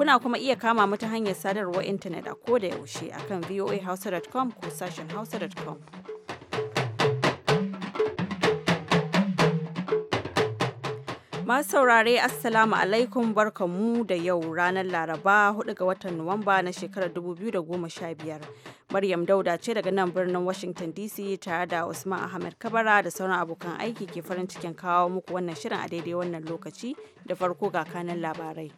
Kuna kuma iya kama mu ta hanyar sadarwar intanet a ko da yaushe akan voahausa.com ko sashen hausa.com. Masu saurare Assalamu alaikum barkamu da yau ranar Laraba 4 ga watan Nuwamba na shekarar 2015. Maryam Dauda ce daga nan birnin Washington DC tare da Usman Ahmed Kabara da sauran abokan aiki ke farin cikin kawo muku wannan shirin a daidai wannan lokaci da farko ga kanan labarai.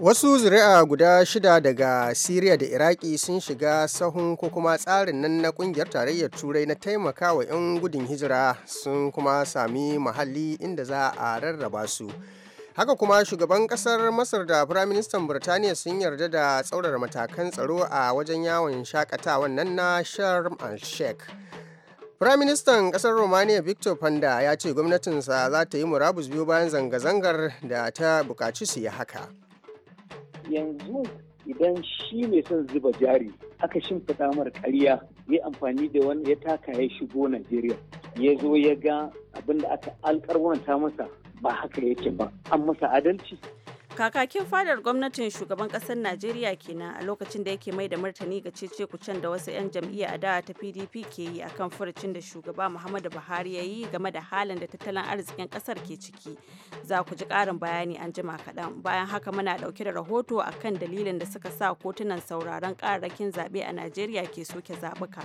wasu zuri'a guda shida daga siriya da iraki sun shiga sahun ko kuma tsarin nan na kungiyar tarayyar turai na taimaka wa 'yan gudun hijira sun kuma sami mahalli inda za a rarraba su haka kuma shugaban kasar masar da firaministan birtaniya sun yarda da tsaurar matakan tsaro a wajen yawon shakatawan nan na sharm al-sheikh Firaministan ƙasar Romania Victor Panda ya ce gwamnatinsa za ta yi murabus biyu bayan zanga-zangar da ta bukaci su yi haka. yanzu idan shi mai son zuba jari aka shimfiɗa mara ƙarya ya amfani da wani ya taka ya shigo Najeriya ya zo ya ga abin da aka alƙarwanta masa ba haka yake ba an masa adalci kakakin fadar gwamnatin shugaban kasar najeriya kenan a lokacin da yake mai da martani ga cece kucen da wasu 'yan jam'iyya a dawa ta pdp ke yi akan furucin da shugaba muhammadu buhari ya yi game da halin da tattalin arzikin kasar ke ciki za ku ji karin bayani an jima kaɗan bayan haka muna ɗauke da rahoto akan dalilin da suka sa kotunan sauraron kararrakin zaɓe a najeriya ke soke zabuka.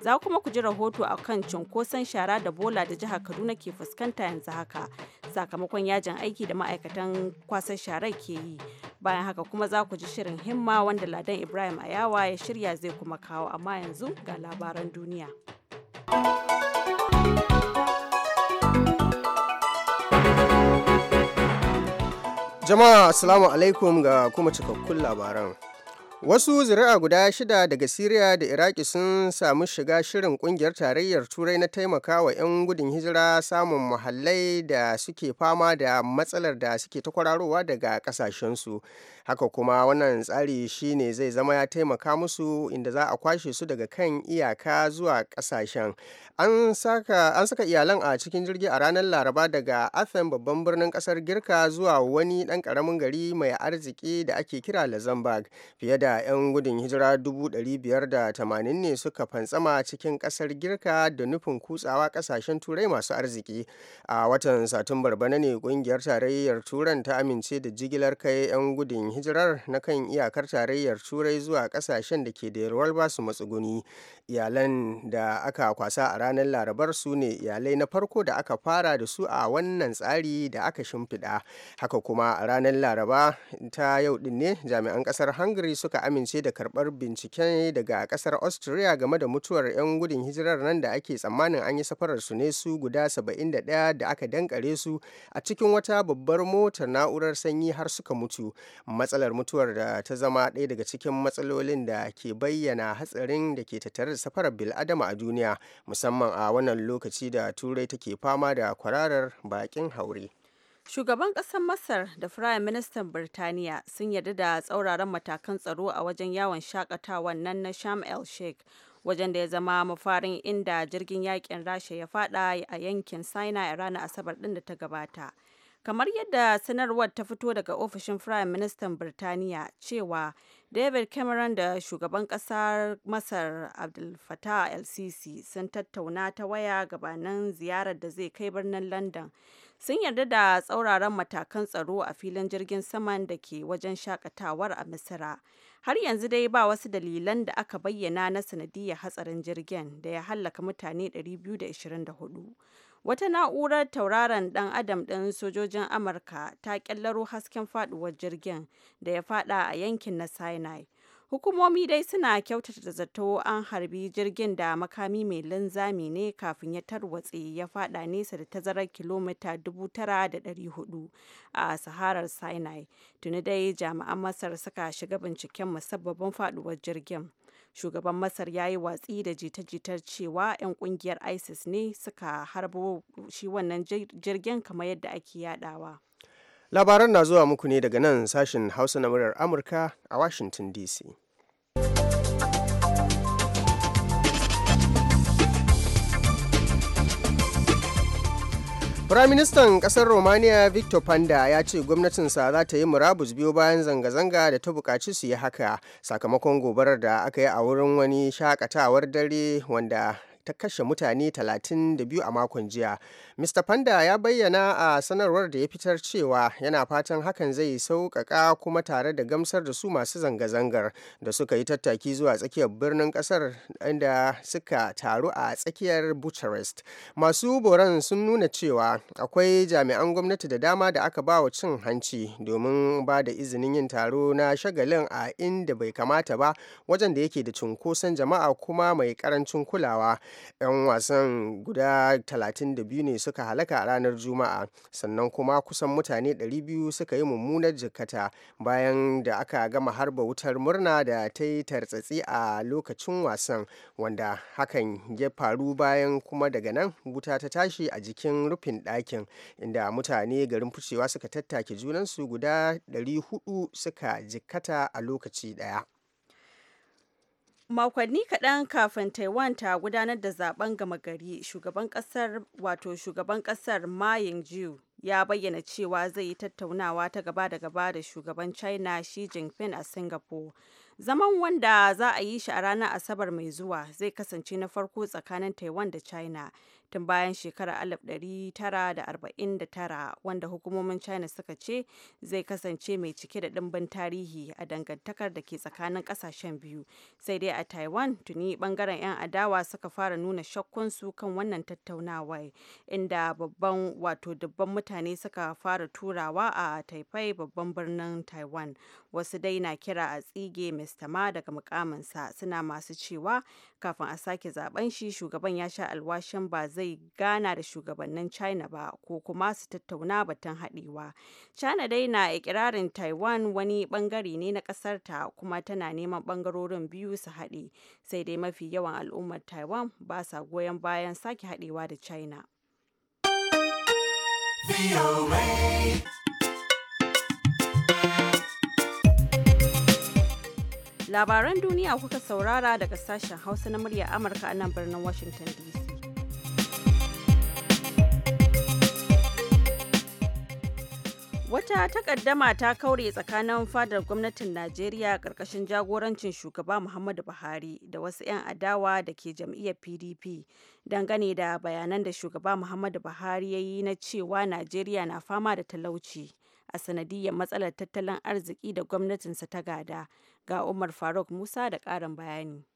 Za kuma ku ji rahoto a kan cunkoson shara da bola da jihar Kaduna ke fuskanta yanzu haka sakamakon yajin aiki da ma'aikatan kwasar sharar ke yi. Bayan haka kuma za ku ji shirin himma wanda Ladan Ibrahim Ayawa ya shirya zai kuma kawo amma yanzu ga labaran duniya. Jama'a Assalamu alaikum ga kuma cikakkun labaran. Wasu zuri'a guda shida daga Siriya da Iraki sun samu shiga shirin kungiyar tarayyar Turai na taimakawa 'yan gudun hijira samun muhallai da suke fama da matsalar da suke ta kwararowa daga kasashensu. haka kuma wannan tsari shine zai zama ya taimaka musu inda za a kwashe su daga kan iyaka zuwa kasashen an saka iyalan a cikin jirgi a ranar laraba daga afen babban birnin kasar girka zuwa wani dan karamin gari mai arziki da ake kira luxembourg fiye da 'yan gudun hijira 580 ne suka fantsama cikin kasar girka da nufin kutsawa kasashen turai masu arziki a watan satumbar bana ne kungiyar tarayyar turan ta amince da jigilar kai 'yan gudun hijirar na kan iyakar tarayyar turai zuwa kasashen da ke da yarwar basu matsuguni iyalan da aka kwasa a ranar larabar su ne iyalai na farko da aka fara da su a wannan tsari da aka shimfiɗa haka kuma a ranar laraba ta yau din ne jami'an kasar hungary suka amince da karɓar binciken daga kasar austria game da mutuwar 'yan gudun hijirar nan da ake tsammanin an yi safarar su ne su guda 71 da aka dankare su a cikin wata babbar motar na'urar sanyi har suka mutu matsalar mutuwar da ta zama ɗaya daga cikin matsalolin da ke bayyana hatsarin da ke tattare da safarar biladama a duniya musamman a wannan lokaci da turai take fama da kwararar bakin haure Shugaban ƙasar Masar da Firayim Ministan Birtaniya sun yarda da tsauraran matakan tsaro a wajen yawon shakatawan nan na Sham El Sheikh, wajen da ya zama mafarin inda jirgin yakin Rasha ya fada a yankin Sinai a ranar Asabar ɗin da ta gabata. kamar yadda sanarwar ta fito daga ofishin firayim ministan birtaniya cewa david cameron da shugaban kasar masar abdul fattah el sun tattauna ta waya gabanin ziyarar da zai kai birnin london sun yarda da tsauraran matakan tsaro a filin jirgin saman da ke wajen shakatawar a misira har yanzu dai ba wasu dalilan da aka bayyana na sanadiyar hatsarin jirgin da ya hallaka mutane 224 Wata na'urar tauraron dan adam ɗin sojojin Amurka ta ƙyallaro hasken faɗuwar jirgin da ya faɗa a yankin na Sinai. Hukumomi dai suna kyautata da zato an harbi jirgin da makami mai linzami ne kafin ya tarwatse ya fada nesa da tazarar kilomita 9,400 a Saharar Sinai. Tuni dai jami'an Masar suka shiga binciken musabbabin faduwar jirgin. shugaban masar ya yi watsi da jita-jitar cewa 'yan kungiyar isis ne suka harbo shi wannan jirgin kamar yadda ake yadawa labaran na zuwa muku ne daga nan sashen hausa na muryar amurka a washington dc Firaministan ƙasar Romania Victor Panda ya ce gwamnatinsa za ta yi murabus biyu bayan zanga-zanga da ta buƙaci su yi haka sakamakon gobarar da aka yi a wurin wani shakatawar dare wanda ta kashe mutane 32 a makon jiya. Mr. Panda ya bayyana a sanarwar da ya fitar cewa yana fatan hakan zai sauƙaƙa kuma tare da gamsar da su masu zanga-zangar da suka yi tattaki zuwa tsakiyar birnin ƙasar inda suka taru a tsakiyar Bucharest. Masu boran sun nuna cewa akwai jami'an gwamnati da dama da aka ba wa cin hanci domin ba da izinin yin taro na shagalin a inda bai kamata ba wajen da yake da cunkoson jama'a kuma mai ƙarancin kulawa 'yan wasan guda 32 ne suka halaka a ranar juma'a sannan kuma kusan mutane 200 suka yi mummunar jikkata bayan da aka gama harba wutar murna da ta yi tartsatsi a lokacin wasan wanda hakan ya faru bayan kuma daga nan wuta ta tashi a jikin rufin ɗakin inda mutane garin fucewa suka tattake junansu guda 400 suka jikkata a lokaci ɗaya. makonni kaɗan kafin taiwan ta gudanar da zaben gama gari shugaban ƙasar wato shugaban ƙasar ma ying ya bayyana cewa zai yi tattaunawa ta gaba da gaba da shugaban china shi jinping a singapore zaman wanda za a yi shi a ranar asabar mai zuwa zai kasance na farko tsakanin taiwan da china tun bayan shekarar 1949 wanda hukumomin china suka ce zai kasance mai cike da ɗimbin tarihi a dangantakar da ke tsakanin ƙasashen biyu sai dai a taiwan tuni ɓangaren 'yan adawa suka fara nuna shakkunsu kan wannan tattaunawa inda babban wato dubban mutane suka fara turawa a taifai babban birnin taiwan wasu dai na kira a tsige mr ma daga mukaminsa suna masu cewa kafin a sake zaben shi shugaban ya sha alwashin ba zai gana da shugabannin China ba ko kuma su tattauna batun haɗewa. China dai na ikirarin Taiwan wani bangare ne na ƙasar ta kuma tana neman bangarorin biyu su haɗe. Sai dai mafi yawan al'ummar Taiwan ba sa goyon bayan sake haɗewa da China. Labaran duniya kuka saurara daga sashen Hausa na murya Amurka a nan birnin Washington DC. Wata takaddama ta kaure tsakanin fadar gwamnatin Najeriya ƙarƙashin jagorancin shugaba Muhammadu Buhari da wasu 'yan adawa da ke jam'iyyar PDP dangane da bayanan da shugaba Muhammadu Buhari ya yi na cewa Najeriya na fama da talauci a sanadiyar matsalar tattalin arziki da gwamnatinsa ta gada. Ga Umar Faruk Musa da ƙarin bayani.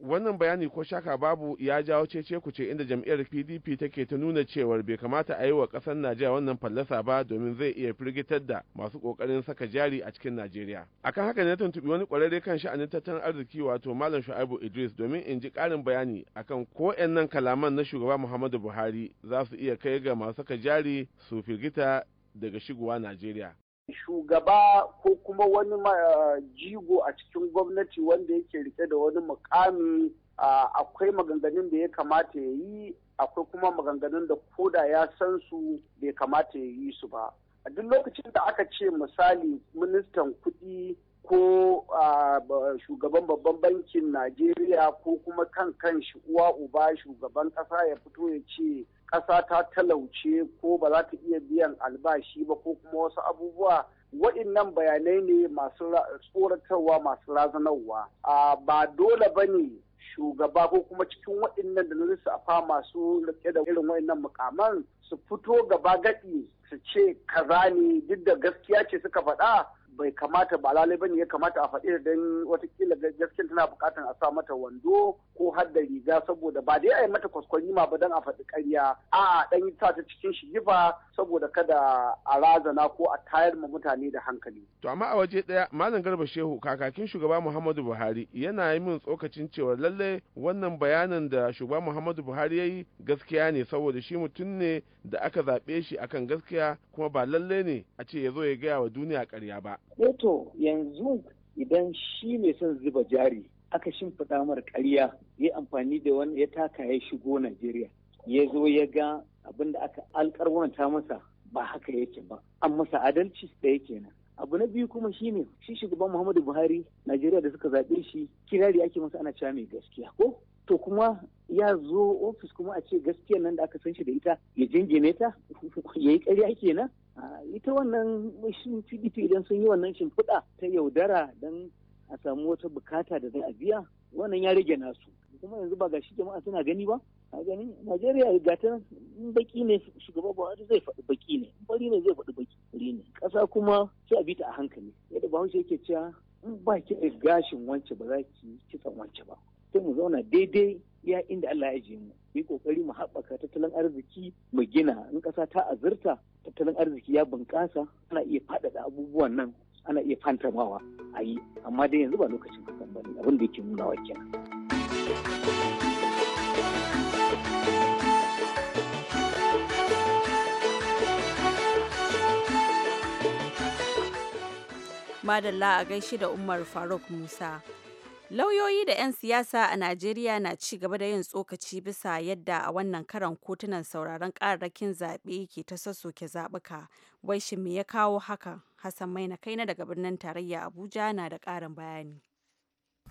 wannan bayani ko shaka babu ya jawo cece ce inda jam'iyyar pdp take ta nuna cewar bai kamata a yi wa ƙasar najeriya wannan fallasa ba domin zai iya firgitar da masu ƙoƙarin saka jari a cikin najeriya akan haka ne tuntuɓi wani ƙwararre kan sha'anin tattalin arziki wato malam shu'aibu idris domin in ji ƙarin bayani akan ko nan kalaman na shugaba muhammadu buhari za su iya kai ga masu saka jari su firgita daga shigowa najeriya shugaba ko kuma wani eh, jigo a cikin gwamnati wanda yake rike da wani mukami eh, akwai maganganun da ya kamata ya yi akwai kuma maganganun da koda ya san su bai kamata ya yi su ba a duk lokacin da aka ce misali ministan kuɗi ko eh, shugaban babban bankin najeriya ko kuma kan kan shi uwa uba shugaban ƙasa ya fito ya ce ƙasa ta talauce ko ba za ta iya biyan albashi ba ko kuma wasu abubuwa waɗannan bayanai ne masu tsoratarwa masu razanarwa A ba dole ba ne shugaba ko kuma cikin waɗannan da na lissafa masu rike da irin waɗannan mukaman su fito gaba gaɗi su ce kaza ne duk da gaskiya ce suka faɗa bai kamata ba lalai bane ya kamata a faɗi wata kila gaskiyar tana buƙatar a sa mata wando ko har da riga saboda ba dai a yi mata kwaskwani ma ba don a faɗi ƙarya a ɗan yi ta cikin shigifa saboda kada a razana ko a tayar ma mutane da hankali. To amma a waje ɗaya Malam Garba Shehu kakakin shugaba Muhammadu Buhari yana yi min tsokacin cewa lalle wannan bayanin da shugaba Muhammadu Buhari ya yi gaskiya ne saboda shi mutum ne da aka zaɓe shi akan gaskiya kuma ba lalle ne a ce ya zo ya gaya wa duniya ƙarya ba. Eh to yanzu idan shi mai son zuba jari aka shimfiɗa mar ƙarya ya amfani da wani ya taka ya shigo Najeriya ya zo ya ga abin da aka alƙarwanta masa ba haka yake ba an masa adalci da yake nan abu na biyu kuma shi ne shi shugaban Muhammadu Buhari Najeriya da suka zaɓe shi kirari ake masa ana cewa mai gaskiya ko to kuma ya zo ofis kuma a ce gaskiyar nan da aka san shi da ita ya jingine ta ya yi ƙarya kenan ita wannan shi pdp idan sun yi wannan shimfiɗa ta yaudara don a samu wata bukata da zai a biya wannan ya rage nasu kuma yanzu ba ga shi jama'a suna gani ba a gani najeriya ga ta baki ne shugaba buhari zai faɗi baki ne bari ne zai faɗi baki ne ƙasa kuma sai a bita a hankali yadda ba yake cewa in ba ki gashin wance ba za ki kitsan wance ba sai mu zauna daidai gaskiya inda Allah ya je mu yi kokari mu haɓaka tattalin arziki mu gina in ƙasa ta azurta tattalin arziki ya bunƙasa ana iya faɗaɗa abubuwan nan ana iya fantamawa a yi amma dai yanzu ba lokacin kasan ba ne abin da yake nuna kenan. Madalla a gaishe da Umar Faruk Musa. Lauyoyi da 'yan siyasa a Najeriya na ci gaba da yin tsokaci bisa yadda a wannan karan kotunan sauraron kararrakin zaɓe ke ta sassoke zaɓuka. Wai shi me ya kawo hakan? Hassan Maina kai na daga birnin tarayya Abuja na da ƙarin bayani.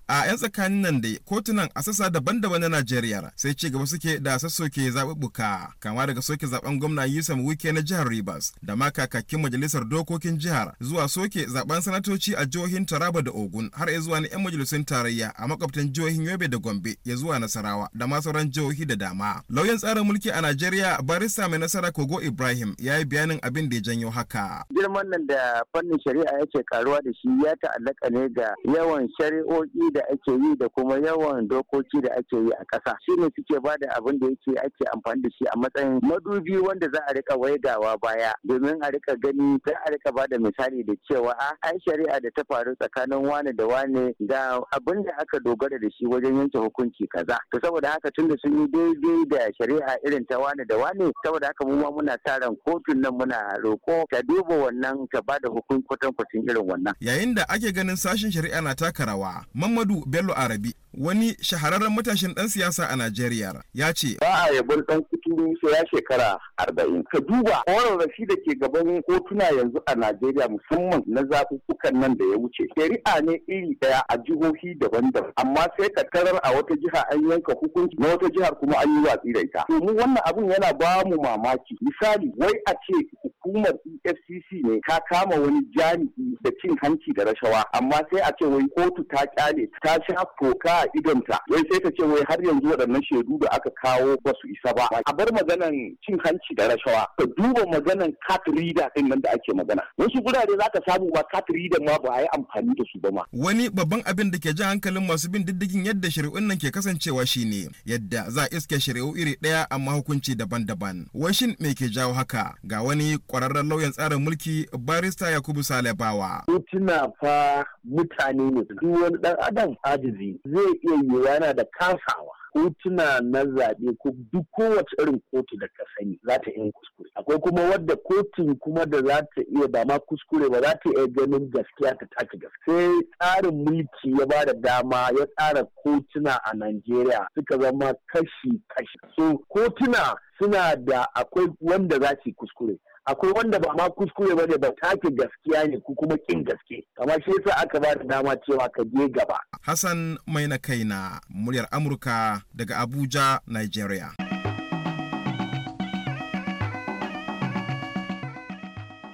a 'yan tsakanin nan da kotunan a sassa daban-daban na Najeriya sai ci gaba suke da sassoke zaɓuɓɓuka kama daga soke zaben gwamna Yusuf Wike na jihar Rivers da ma kakakin majalisar dokokin jihar zuwa soke zaben sanatoci a jihohin Taraba da Ogun har ya zuwa na 'yan majalisun tarayya a makwabtan jihohin Yobe da Gombe ya zuwa Nasarawa da ma sauran jihohi da dama. Lauyan tsarin mulki a Najeriya barista mai nasara Kogo Ibrahim ya yi bayanin abin da ya janyo haka. Girman nan da fannin shari'a ya yake karuwa da shi ya ta'allaka ne ga yawan shari'o'i da ake yi da kuma yawan dokoki da ake yi a ƙasa shine suke ba da abin da yake ake amfani da shi a matsayin madubi wanda za a rika waigawa baya domin a rika gani za a rika ba da misali da cewa a ah, ai shari'a da ta faru tsakanin wane da wane ga abin da aka dogara da shi wajen yanke hukunci kaza to saboda haka tunda sun yi daidai da shari'a irin ta wane da wane saboda haka mu ma muna sa ran kotun nan muna roko ta duba wannan ta ba da hukunci kwatankwacin irin wannan yayin da ake ganin sashen shari'a na taka rawa Muhammadu Bello Arabi wani shahararren matashin ɗan siyasa a Najeriya ya ce. Ba a yabon ɗan kuturu sai ya shekara arba'in. Ka duba wararrafi da ke gaban kotuna yanzu a Najeriya musamman na zaɓuɓɓukan nan da ya wuce. Shari'a ne iri ɗaya a jihohi daban-daban amma sai ka a wata jiha an yanka hukunci na wata jihar kuma an yi watsi da ita. Domin wannan abun yana ba mu mamaki. Misali wai a ce hukumar EFCC ne ka kama wani jami'i da cin hanci da rashawa amma sai a ce wai kotu ta kyale ta sha toka a idonta wai sai ta ce wai har yanzu waɗannan shaidu da aka kawo ba su isa ba a bar maganan cin hanci da rashawa ka duba maganan cat reader din nan da ake magana wasu gurare za ka samu ba cat reader ma ba a yi amfani da su ba ma wani babban abin da ke jan hankalin masu bin diddigin yadda shari'un nan ke kasancewa shine yadda za a iske shari'u iri ɗaya amma hukunci daban-daban washin me ke jawo haka ga wani ƙwararren lauyan tsarin mulki barista yakubu salebawa. mutuna fa mutane ne duk wani dan adam wannan ajizi zai iya yiwuwa yana da kasawa kotuna na zaɓe ko duk kowace irin kotu da ka sani za ta iya kuskure akwai kuma wadda kotun kuma da za ta iya ba ma kuskure ba za ta iya ganin gaskiya ta take gaskiya sai tsarin mulki ya ba da dama ya tsara kotuna a Najeriya suka zama kashi kashi so kotuna suna da akwai wanda za su kuskure akwai wanda ba ma kuskure ba da ba take gaskiya ne ko kuma kin gaske amma shi yasa aka ba da dama cewa ka je gaba hassan mai na kaina muryar amurka daga abuja nigeria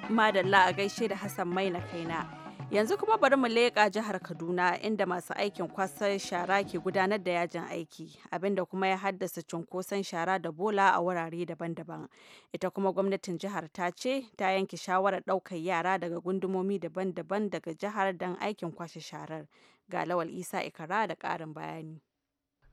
madalla a gaishe da hassan mai na kaina Yanzu kuma bari mu leƙa jihar Kaduna inda masu aikin kwasar shara ke gudanar da yajin aiki, abinda kuma ya haddasa cunkoson shara da bola a wurare daban-daban. Ita kuma gwamnatin jihar ta ce ta yanke shawarar ɗaukar yara daga gundumomi daban-daban daga jihar don aikin kwashe sharar. Ga Lawal Isa Ikara da ƙarin bayani.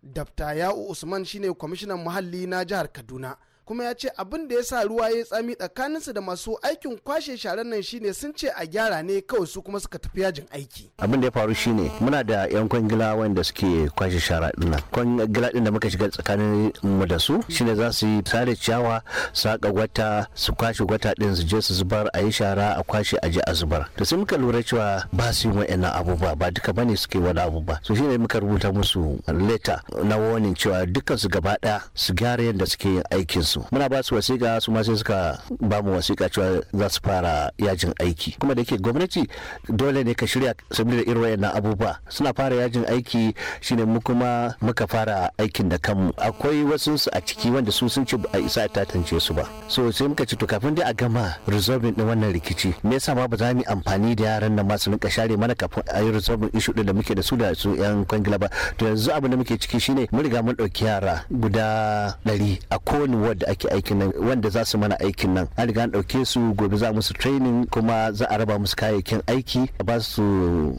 Dabta Ya'u Usman shine kwamishinan muhalli na jihar Kaduna. kuma ya ce abin da ya sa ruwa ya yi tsami tsakaninsu da masu aikin kwashe sharan nan shine sun ce a gyara ne kawai su kuma suka tafi yajin aiki abin da ya faru shine muna da yan kwangila wanda suke kwashe shara dinna kwangila din da muka shiga tsakanin mu da su shine za su yi sare ciyawa su haƙa gwata su kwashe gwata din su je su zubar a yi shara a kwashe a je a zubar to sai muka lura cewa ba su yi wa'annan abubuwa ba duka bane suke wani abubuwa so shine muka rubuta musu leta na warning cewa dukkan su gaba ɗaya su gyara yadda suke yin aikin su muna ba su wasiƙa su ma sai suka ba mu wasiƙa cewa za su fara yajin aiki kuma da ke gwamnati dole ne ka shirya saboda irin wayannan abubuwa suna fara yajin aiki shine mu kuma muka fara aikin da kanmu akwai wasu su a ciki wanda su sun ce a isa ta tantance su ba so sai muka ci to kafin dai a gama resolving din wannan rikici me yasa ma ba za mu amfani da yaran nan masu rinka share mana kafin a yi resolving issue din da muke da su da su yan kwangila ba to yanzu abin da muke ciki shine mun riga mun dauki yara guda ɗari a kowane ward yadda ake aikin nan wanda za su mana aikin nan an riga an ɗauke su gobe za musu training kuma za a raba musu kayayyakin aiki a ba su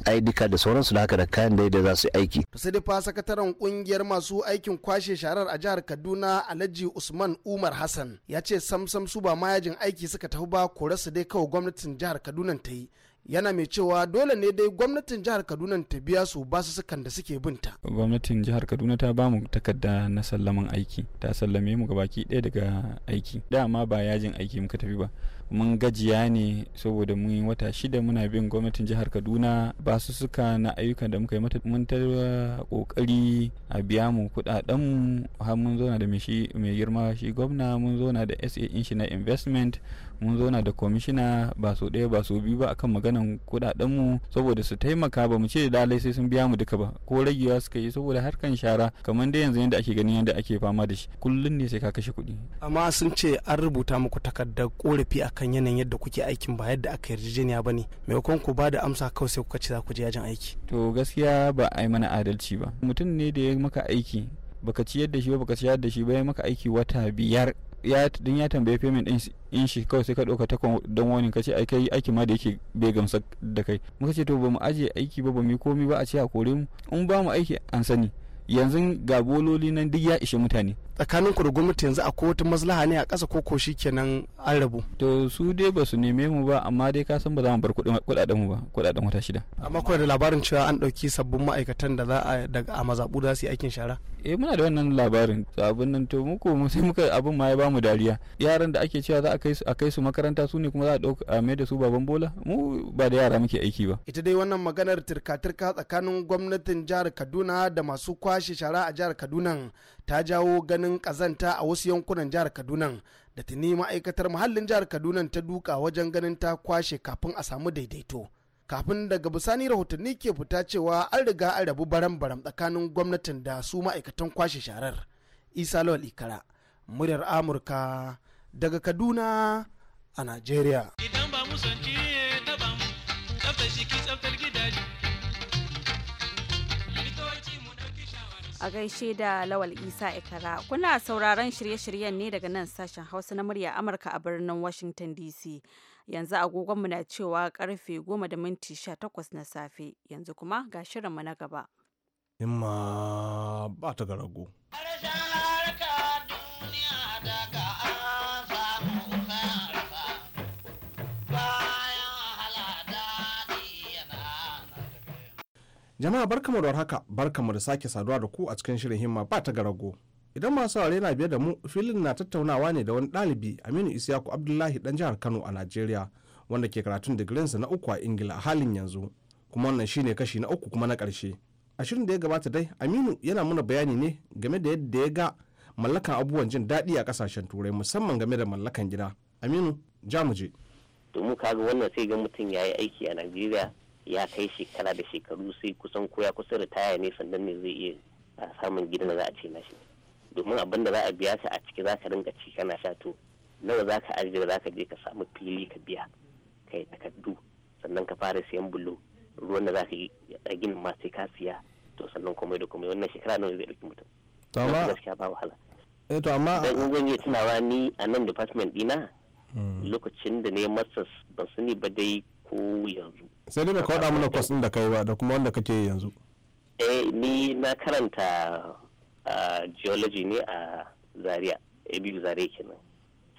aidika da sauransu da haka da kayan da za su aiki. sai dai fa sakataren kungiyar masu aikin kwashe sharar a jihar kaduna alhaji usman umar hassan ya ce samsam su ba ma yajin aiki suka tafi ba kore su dai kawai gwamnatin jihar kaduna ta yi yana mai cewa dole ne dai gwamnatin jihar kaduna ta biya su su sukan da suke binta gwamnatin jihar kaduna ta bamu takarda na sallaman aiki ta sallame mu gabaki daya daga aiki dama ba yajin aiki muka tafi ba mun gajiya ne saboda mun yi wata shida muna bin gwamnatin jihar kaduna ba su suka na ayyukan da muka yi mata mun ta kokari a biya mu kudaden mu har mun zo na da mai girma shi gwamna mun zo na da sa shi na investment mun zo na da kwamishina ba su ɗaya ba su biyu ba akan maganan mu saboda su taimaka ba mu ce da sai sun biya mu duka ba ko ragewa suka yi saboda harkan shara kamar dai yanzu yadda ake ganin yadda ake fama da shi kullum ne sai ka kashe kuɗi. amma sun ce an rubuta muku takardar korafi akan yanayin yadda kuke aikin ba yadda aka yarjejeniya ba ne maimakon ku ba da amsa kawai sai kuka ce za ku je yajin aiki. to gaskiya ba a yi mana adalci ba mutum ne da ya maka aiki baka ciyar da shi ba baka ciyar da shi ba ya maka aiki wata biyar ya din ya tambaye payment din in shi kawai sai ka dauka ta don wani ka ce kai aiki ma da yake bai gamsa da kai muka ce to ba mu aje aiki ba ba mu komai ba a ce a kore mu in ba mu aiki an sani yanzu ga bololi nan duk ya ishe mutane tsakanin ku da gwamnati yanzu akwai wata maslaha ne a ƙasa ko ko kenan an rabu to su dai ba su neme mu ba amma dai ka san ba za mu bar kuɗaɗen mu ba kuɗaɗen wata shida amma kawai da labarin cewa an ɗauki sabbin ma'aikatan da za a daga a mazaɓu za su yi aikin shara eh muna da wannan labarin abin nan to muku sai muka abin ma ya mu dariya yaran da ake cewa za a kai su a kai su makaranta su ne kuma za a ɗauka a mai da su baban bola mu ba da yara muke aiki ba ita dai wannan maganar turka-turka tsakanin gwamnatin jihar Kaduna da masu kwashe shara a jihar Kaduna ta jawo ganin kazanta a wasu yankunan jihar kaduna da tuni ma'aikatar muhallin jihar kaduna ta duka wajen ganin ta kwashe kafin a samu daidaito kafin daga bisani rahotanni ke fita cewa an riga an rabu baram-baram tsakanin gwamnatin da su ma'aikatan kwashe sharar isa lawal ikara muryar amurka daga kaduna a nigeria. idan ba musanci eh, a gaishe da Lawal Isa Ikara. Kuna sauraron shirye-shiryen ne daga nan sashen Hausa na murya Amurka a birnin Washington DC. Yanzu agogonmu na cewa karfe 10 da minti 18 na safe. Yanzu kuma ga shirinmu na gaba. Himma ba ta ga rago. Jama'a barkamu da haka barkamu da sake saduwa da ku a cikin shirin himma ba ta garago. Idan masu saurare na biye da mu, filin na tattaunawa ne da wani ɗalibi Aminu Isiyaku Abdullahi dan jihar Kano a nigeria wanda ke karatun digirinsa na uku a Ingila a halin yanzu. Kuma wannan shine kashi na uku kuma na ƙarshe. A shirin da ya gabata dai, Aminu yana muna bayani ne game da yadda ya ga mallakan abubuwan jin daɗi a kasashen turai musamman game da mallakan gida. Aminu, ja mu je. Domin kaga wannan sai ga mutum ya yi aiki a nigeria. ya kai shekara da shekaru sai kusan ko ya kusa taya ne sannan ne zai iya ah, samun gidan da za a ce mashi domin abin da za a biya shi a ciki za ka rinka ci kana sha to nawa za ka ajiye za ka je ka samu fili ka biya ka yi takardu sannan ka fara siyan bulo ruwan da za ka yi a ginin ma sai ka siya to sannan komai da komai wannan shekara nawa zai ɗauki mutum. to amma gaskiya ba wahala. eh to tunawa ni a nan department dina hmm. lokacin da ne masters ban sani ba dai ko yanzu sai dai baka faɗa mana kwas ɗin da kai ba da kuma wanda kake yanzu eh ni na karanta geology ne a zaria abu zaria kenan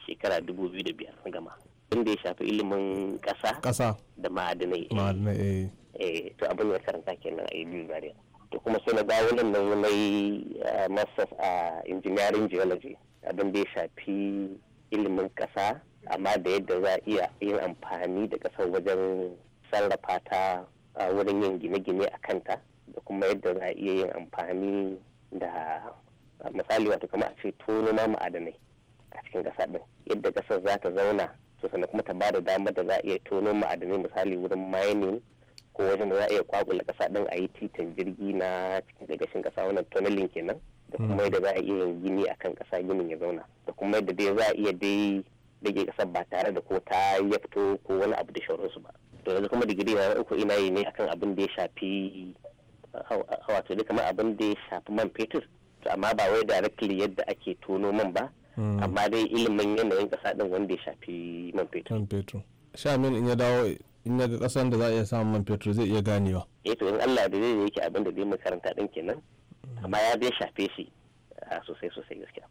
shekara 2005 biyar. gama inda ya shafi ilimin ƙasa ƙasa da ma'adinai ma'adinai eh, eh to abin da karanta kenan a abu zaria to kuma sai na dawo nan nan na yi masters a engineering geology abin da ya shafi ilimin ƙasa amma da yadda za a iya yin amfani da ƙasar wajen sarrafa ta wurin yin gine-gine a kanta da kuma yadda za a iya yin amfani da misali wato kamar a ce tono na ma'adanai a cikin ƙasa ɗin yadda ƙasar za ta zauna to sannan kuma ta bada damar da za a iya tono ma'adanai misali wurin mining ko wajen da za a iya kwakula ƙasa ɗin a yi titin jirgi na cikin gagashin ƙasa wannan tunnelin kenan da kuma hmm. yadda za a iya yin gini a kan ƙasa ginin ya zauna da kuma yadda dai za a iya dai rage kasar ba tare da ko ta yafto ko wani abu da shauransu ba to yanzu kuma digiri na uku ina yi ne akan abin da ya shafi ah, ah, ah, wato dai kamar abin da ya shafi man fetur amma ba wai directly yadda ake tono man ba hmm. amma dai ilimin yanayin kasa din wanda ya shafi man fetur man fetur shamin in ya dawo in ya ga kasan da za a iya samun man fetur zai iya ganewa eh to in Allah da zai yake abin da zai makaranta din kenan hmm. amma ya bai shafe shi sosai sosai gaskiya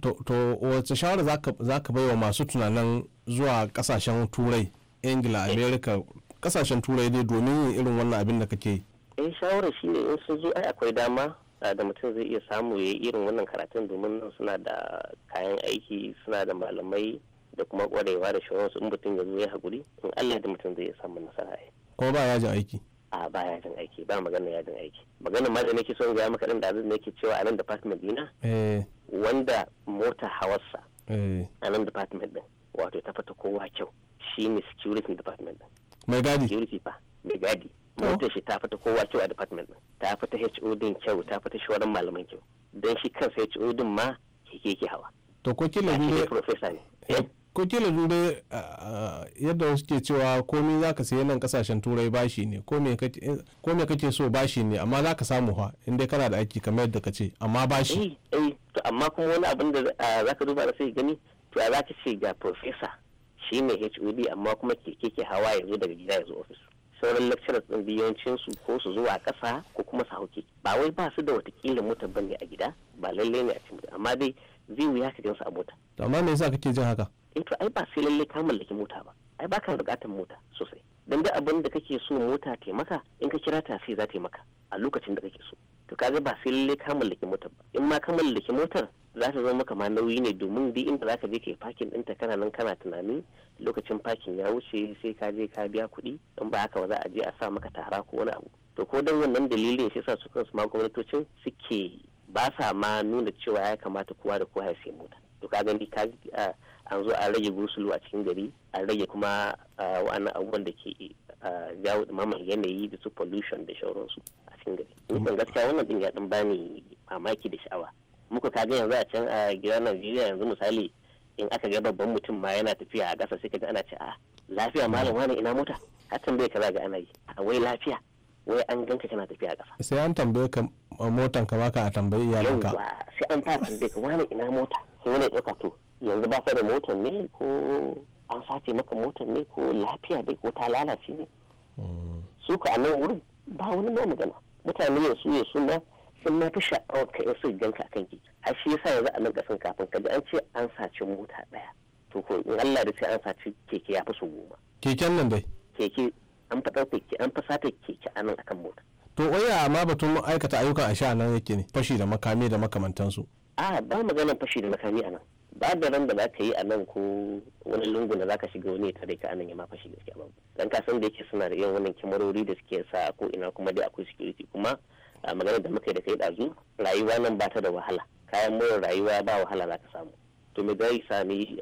to wace shawara za ka baiwa masu tunanin zuwa kasashen turai ingila eh. america kasashen turai ne domin yin irin wannan abin da kake yi eh, shawara ne in sun zo ai akwai dama ah, da mutum zai iya samu ya yi irin wannan karatun domin nan suna da kayan aiki suna da malamai da kuma kwarewa da shawararsu in mutum ya zo ya haƙuri in allah da mutum zai iya samun nasara kuma ba yajin aiki a ba yajin aiki ba magana yajin aiki magana ma da ke son gaya maka din da azumi nake cewa a nan department dina eh. wanda mota hawarsa eh. a nan department din wato ta fata kowa kyau shine security department din mai gadi security fa mai gadi motar shi ta fata kowa kyau a department ta fata HO din kyau ta fata shawarar malaman kyau don shi kansa HO din ma keke ke hawa to ko kila ne ne eh. ko kila dure yadda wasu ke cewa komai za ka sayi nan kasashen turai bashi ne ko me kake so bashi ne amma za ka samu ha inda kana da aiki kamar yadda ka ce amma bashi eh, eh, to amma kuma wani abin da za ka duba da sai gani to za ka ce ga profesa shi ne hod amma kuma keke ke hawa ya zo daga gida ya zo ofis sauran lecturers din biyancin su ko su zuwa kasa ko kuma su hauke ba wai ba su da watakila motar bane a gida ba lallai ne a cikin amma dai zai wuya ka gansu a mota to amma me yasa kake jin haka eh to ai ba sai lalle ka mallaki mota ba ai ba ka buƙatar mota sosai dan da abin da kake so mota taimaka. in ka kira tafi za ta maka a lokacin da kake so to ga ba sai lalle ka mallaki mota ba in ma ka mallaki motar za ta zama maka ma nauyi ne domin duk inda zaka je kai parking ɗinta kana nan kana tunani lokacin parking ya wuce sai ka je ka biya kuɗi in ba haka ba za a je a sa maka tara ko wani abu to ko dan wannan dalilin shi yasa su kansu ma gwamnatocin suke ba sa ma nuna cewa ya kamata kowa da kowa ya sai mota to ka gani ka an zo an rage gusulu a cikin gari a rage kuma wa'annan abubuwan da ke jawo mamaye yanayi da su pollution da shauransu a cikin gari nufin gaskiya wannan din ya ɗin bani mamaki da sha'awa muka kaga yanzu a can a gidan najeriya yanzu misali in aka ga babban mutum ma yana tafiya a ƙasa sai ga ana ce a ah, lafiya malam wani ina mota hakan bai kaza ga ana yi a ah, wai lafiya wai an ganta tana tafiya kafa sai an tambaye ka uh, motan ka baka a tambayi iyalan ka sai an fara tambaye ka wani ina mota sai wani ɗauka to yanzu ba da motan ne ko an sace maka motan ne ko lafiya dai ko ta lalace ne mm. su ka a nan wurin ba wani ba magana mutane ya su ya su na sun na fi sha'awar ka su ganka akan ki a shi yasa yanzu a nan kasan kafin ka ji an ce an sace mota daya to ko in Allah da sai an sace keke ya fi su goma keken nan dai keke an fi ɗauke ki an fi keke a nan akan mota. to oya ma batun aikata ayyuka a sha nan yake ne fashi da makami da makamantansu. a ba magana fashi da makami a nan ba da ran da za ka yi a nan ko wani lungu na za ka shiga wani tare ka anan ya ma fashi a ba dan ka san da yake suna da yin wannan kyamarori da suke sa ko ina kuma dai akwai security kuma a maganar da muka yi da kai d'azu rayuwa nan ba ta da wahala kayan more rayuwa ba wahala za ka samu to me zai sami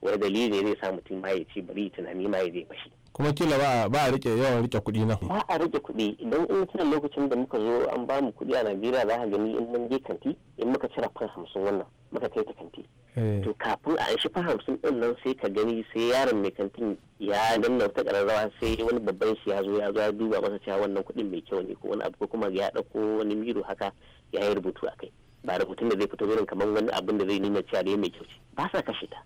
wani dalili ne zai sa mutum ma ya ce bari tunani ma ya zai fashi kuma kila ba a rike yawan rike kuɗi na. ba a rike kuɗi don in tuna lokacin da muka zo an ba mu kuɗi a najeriya za a gani in mun je kanti in muka cira fan hamsin wannan muka kai ta kanti eh. to kafin a shi fan hamsin din nan sai ka gani sai yaron mai kantin ya danna ta ƙararrawa sai wani babban shi ya zo ya zo ya duba masa cewa wannan kuɗin mai kyau ne ko wani abu ko kuma ya ɗauko wani miro haka ya yi rubutu a kai ba rubutun da zai fito wurin kamar wani abin da zai nuna cewa da ya mai kyau ce ba sa kashe ta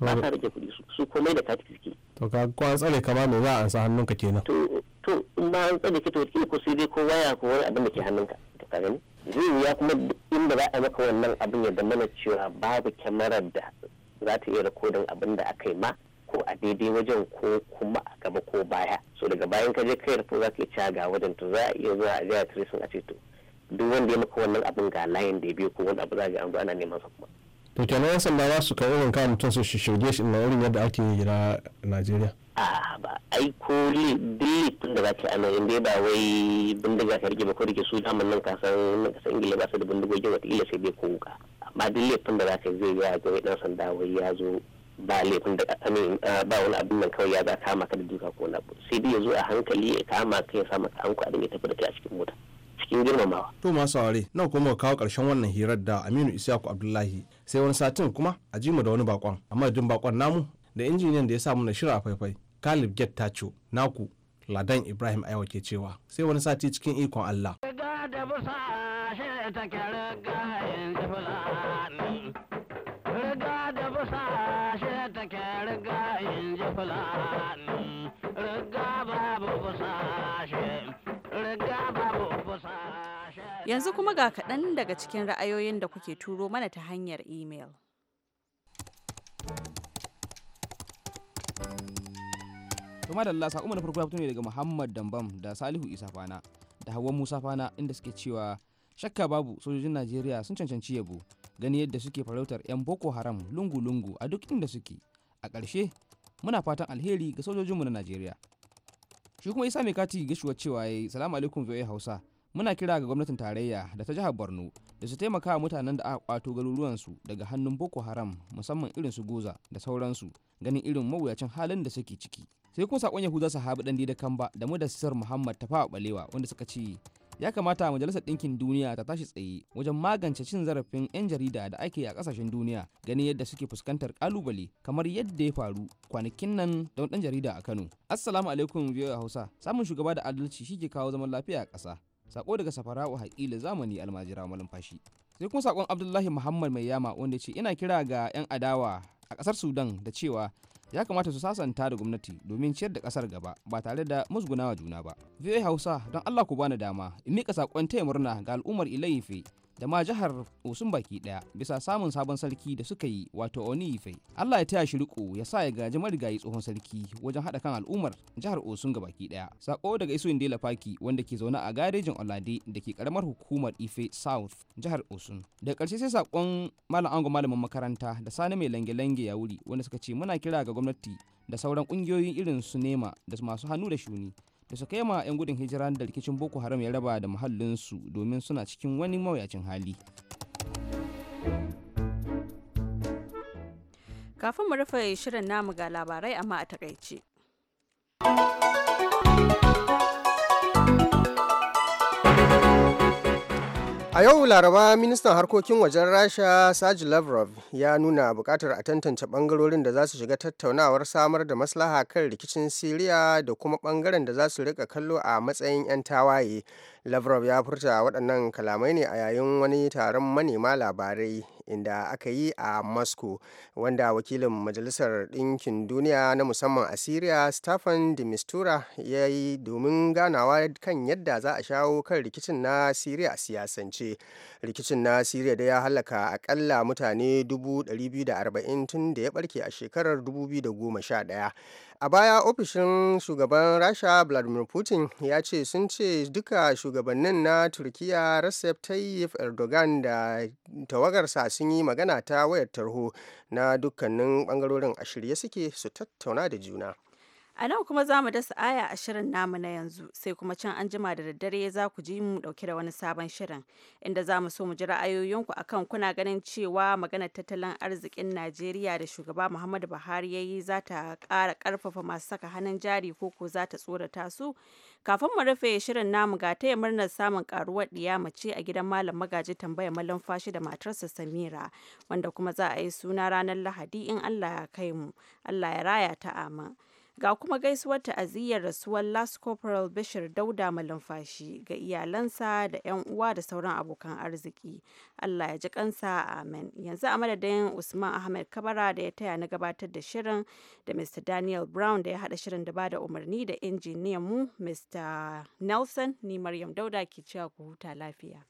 ba ta rage kuɗi su su komai da kati suke to ka ko an tsare ka ba za a ansa hannunka kenan to to in ba an tsare ki to ki ko sai dai ko waya ko wani abin da ke hannunka to ka gani zai ya kuma inda za a maka wannan abin ya mana cewa babu kyamarar da za ta iya rikodin abin da aka yi ma ko a daidai wajen ko kuma a gaba ko baya so daga bayan ka je kai rafo za ka iya caga wajen to za a iya zuwa a je a tracing a ce to duk wanda ya maka wannan abin ga layin da ya biyo ko wani abu za a ga an zo ana neman sa kuma to kenan yan sanda za su kawo wanka mutum su shirge shi na wurin yadda ake yi na najeriya ba ai ko tun da za ka ana inda ba wai bindiga ka rike ba ko rike su daman nan kasan ingila ba su da bindigogin watakila sai bai ko wuka amma tun da za ka zai ya ga dan sanda wai ya zo ba laifin da ba wani abin nan kawai ya za kama ka da duka ko na sai dai ya zo a hankali ya kama ka ya sa maka an kwaɗin ya tafi da kai a cikin mota cikin girmamawa. To masu aure nawa kuma kawo ƙarshen wannan hirar da Aminu Isiyaku Abdullahi sai wani satin kuma a ji mu da wani bakon amma duk bakon namu da injiniyan da ya samu na shira faifai Kalib Get Tacho naku Ladan Ibrahim Aiwa ke cewa sai wani sati cikin ikon Allah. Riga da Yanzu kuma ga kaɗan daga cikin ra'ayoyin da kuke turo mana ta hanyar imel. Tuma da Allah saƙo na farko ya fito ne daga Muhammad Dambam da Salihu Isa Fana da Hawwa Musa Fana inda suke cewa shakka babu sojojin Najeriya sun cancanci yabo gani yadda suke farautar 'yan Boko Haram lungu-lungu a duk inda suke. A ƙarshe muna fatan alheri ga sojojinmu na Najeriya. Shi kuma Isa Mai Kati gashuwa cewa ya yi salamu alaikum zuwa Hausa. muna kira ga gwamnatin tarayya da ta jihar borno da su taimaka wa mutanen da aka kwato garuruwansu daga hannun boko haram musamman irin su goza da sauransu ganin irin mawuyacin halin da suke ciki sai kuma sakon yahuza sahabi dan da kamba da mu da muhammad tafawa balewa wanda suka ce ya kamata majalisar ɗinkin duniya ta tashi tsaye wajen magance cin zarafin 'yan jarida da ake a ƙasashen duniya ganin yadda suke fuskantar ƙalubale kamar yadda ya faru kwanakin nan da ɗan jarida a kano assalamu alaikum biyu hausa samun shugaba da adalci shi ke kawo zaman lafiya a ƙasa sako daga safara'u haƙila zamani almajira fashi. sai kuma sakon abdullahi muhammad mai yama wanda ce ina kira ga 'yan adawa a ƙasar sudan da cewa ya kamata su sasanta da gwamnati domin ciyar da ƙasar gaba ba tare da musgunawa juna ba vi hausa don allah ku bani dama in miƙa sakon taya murna ga al'ummar ilaife da ma jihar Osun baki daya bisa samun sabon sarki da suka yi wato ife. Allah ya taya shi riko ya sa ya gaji marigayi tsohon sarki wajen hada kan al'ummar jihar Osun ga baki daya. Sako daga Isu Indela Faki wanda ke zaune a garejin Olade da ke karamar hukumar Ife South jihar Osun. Da karshe sai sakon Malam Ango malamin makaranta da Sani mai lange-lange ya wuri wanda suka ce muna kira ga gwamnati da sauran kungiyoyin irin su nema da masu hannu da shuni da su kai ma 'yan gudun hijira da rikicin boko haram ya raba da muhallinsu domin suna cikin wani mawuyacin hali kafin mu rufe shirin namu ga labarai amma a takaice A yau Laraba ministan harkokin wajen Rasha saji Lavrov ya nuna bukatar a tantance bangarorin da za su shiga tattaunawar samar da maslaha kan rikicin Siriya da kuma bangaren da za su rika kallo a matsayin 'yan tawaye. Lavrov ya furta waɗannan kalamai ne a yayin wani taron manema labarai inda aka yi a moscow wanda wakilin majalisar ɗinkin duniya na musamman a syria stephen de mistura ya yi domin ganawa kan yadda za a shawo kan rikicin na syria a siyasance rikicin na syria da ya halaka akalla mutane 240 tun da ya barke a shekarar 2011 a baya ofishin shugaban rasha vladimir putin ya ce sun ce duka shugabannin na turkiya recep tayyip erdogan da tawagarsa sun yi magana ta wayar tarho na dukkanin bangarorin a shirye suke su tattauna da juna A nan kuma za mu dasa aya a shirin namu na yanzu sai kuma can an jima da daddare za ku ji mu dauke da wani sabon shirin inda za mu so mu ji ra'ayoyinku akan kuna ganin cewa maganar tattalin arzikin Najeriya da shugaba Muhammadu Buhari ya yi za ta ƙara ƙarfafa masu saka hannun jari ko ko za ta tsorata su. Kafin mu rufe shirin namu ga taya murnar samun karuwar ɗiya mace a gidan Malam Magaji tambaya Malam Fashi da matarsa Samira wanda kuma za a yi suna ranar Lahadi in Allah ya kai mu. Allah ya raya ta amin. Ga kuma gaisuwar ta'aziyyar rasuwar Last Corporal Bashir Dauda Malumfashi ga iyalansa da 'yan uwa da sauran abokan arziki. Allah ya ji kansa amen. Yanzu a madadin Usman Ahmed Kabara da ya taya na gabatar da shirin da Mr. Daniel Brown da ya hada shirin da bada umarni da injiniyan mu Mr. Nelson ni Maryam Dauda ke cewa ku huta lafiya.